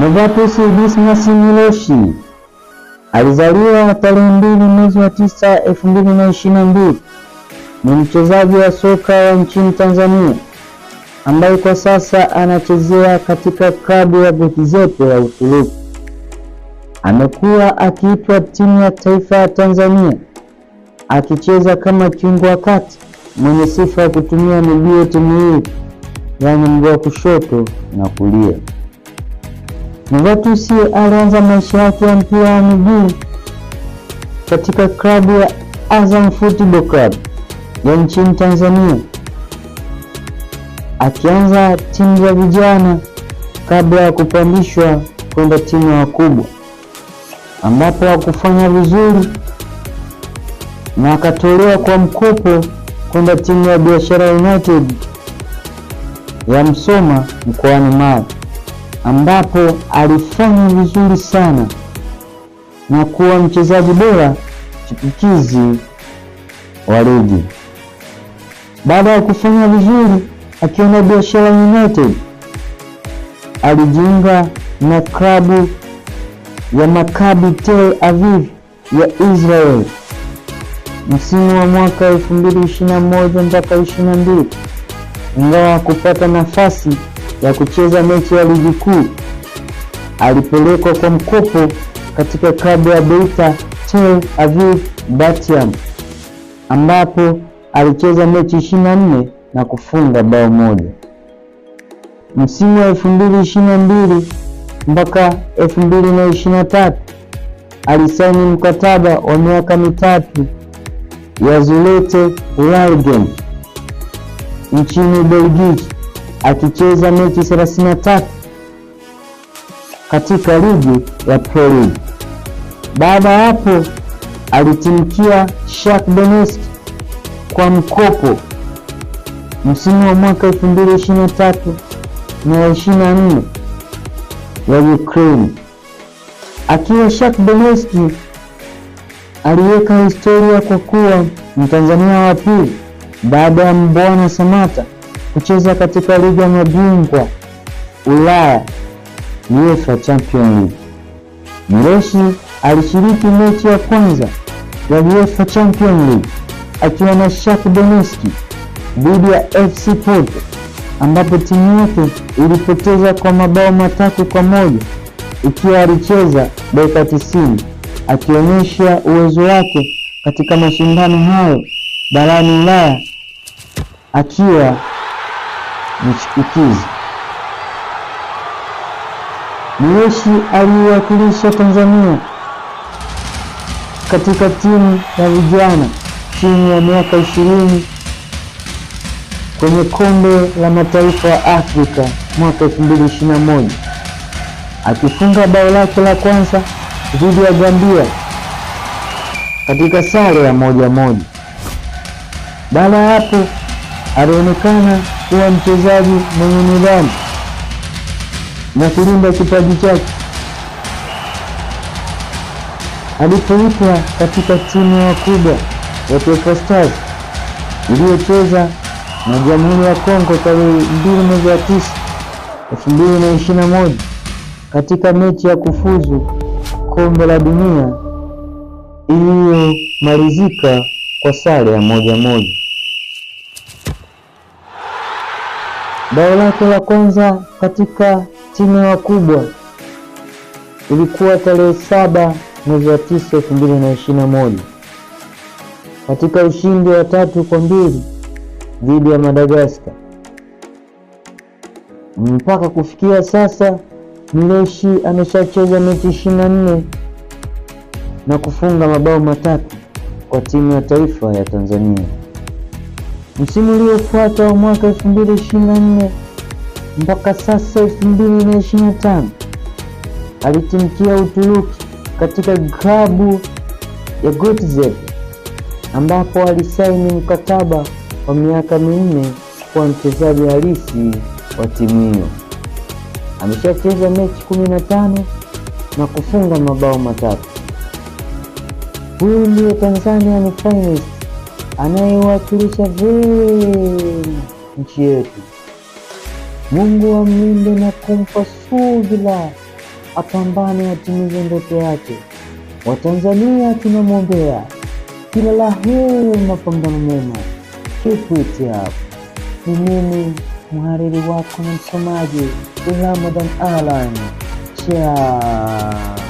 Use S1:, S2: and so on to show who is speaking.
S1: Novatus Dismas Miloshi alizaliwa tarehe mbili mwezi wa tisa elfu mbili na ishirini na mbili. Ni mchezaji wa soka wa nchini Tanzania ambaye kwa sasa anachezea katika klabu ya gekizepe ya Uturuki. Amekuwa akiitwa timu ya taifa ya Tanzania akicheza kama kiungo wa kati mwenye sifa ya kutumia miguu yote miwili, yaani mguu wa kushoto na kulia. Juventus alianza maisha yake ya mpira wa miguu katika klabu ya Azam Football Club ya nchini Tanzania, akianza timu ya vijana kabla ya kupandishwa kwenda timu ya wakubwa, ambapo hakufanya vizuri na akatolewa kwa mkopo kwenda timu ya Biashara United ya Msoma mkoani Mara ambapo alifanya vizuri sana na kuwa mchezaji bora chipukizi wa ligi. Baada ya kufanya vizuri na Biashara United, alijiunga na klabu ya Maccabi Tel Aviv ya Israel msimu wa mwaka 2021 mpaka 22 ingawa kupata nafasi ya kucheza mechi ya ligi kuu. Alipelekwa kwa mkopo katika klabu ya Beita Tel Aviv Batiam ambapo alicheza mechi 24 na kufunga bao moja. Msimu wa 2022 mpaka 2023 alisaini mkataba wa miaka mitatu ya Zulete Waregem nchini Belgiji akicheza mechi 33 katika ligi ya Pro League. Baada ya hapo alitimkia Shakhtar Donetsk kwa mkopo msimu wa mwaka 2023 na 24 ya Ukraine. Akiwa Shakhtar Donetsk aliweka historia kwa kuwa Mtanzania wa pili baada ya Mbwana Samata kucheza katika ligi ya mabingwa Ulaya UEFA Champions League. Miloshi alishiriki mechi ya kwanza ya UEFA Champions League akiwa na Shakhtar Donetsk dhidi ya FC Porto ambapo timu yake ilipoteza kwa mabao matatu kwa moja ikiwa alicheza dakika 90 akionyesha uwezo wake katika mashindano hayo barani Ulaya akiwa Nichipukizi. Mweshi aliyewakilisha Tanzania katika timu ya vijana chini ya miaka ishirini kwenye kombe la mataifa ya Afrika mwaka 2021 akifunga bao lake la kwanza dhidi ya Gambia katika sare ya moja moja. Baada ya hapo alionekana kuwa mchezaji mwenye nidhamu na kulinda kipaji chake. Alipoitwa katika timu ya wakubwa ya Taifa Stars iliyocheza na Jamhuri ya Kongo tarehe mbili mwezi wa tisa elfu mbili na ishirini na moja katika mechi ya kufuzu kombe la dunia iliyomalizika kwa sare ya moja moja. Bao lake la kwanza katika timu ya wakubwa ilikuwa tarehe saba mwezi wa tisa elfu mbili na ishirini na moja katika ushindi wa tatu kwa mbili dhidi ya Madagaskar. Mpaka kufikia sasa Mleshi ameshacheza mechi ishirini na nne na kufunga mabao matatu kwa timu ya taifa ya Tanzania. Msimu uliofuata wa mwaka 2024 mpaka sasa 2025 alitimkia Uturuki katika klabu ya gotze ambapo alisaini mkataba wa miaka minne kwa mchezaji halisi wa timu hiyo. Ameshacheza mechi 15 na kufunga mabao matatu. Huyu ndiye Tanzania ni finest anayewakilisha vyema nchi yetu. Mungu amlinde na kumpa subira, apambane atimize ndoto yake. Watanzania tunamwombea kila la heri, mapambano mema. Kikwiti hapo. Ni mimi mhariri wako na msomaji Ramadan Alan. Ciao.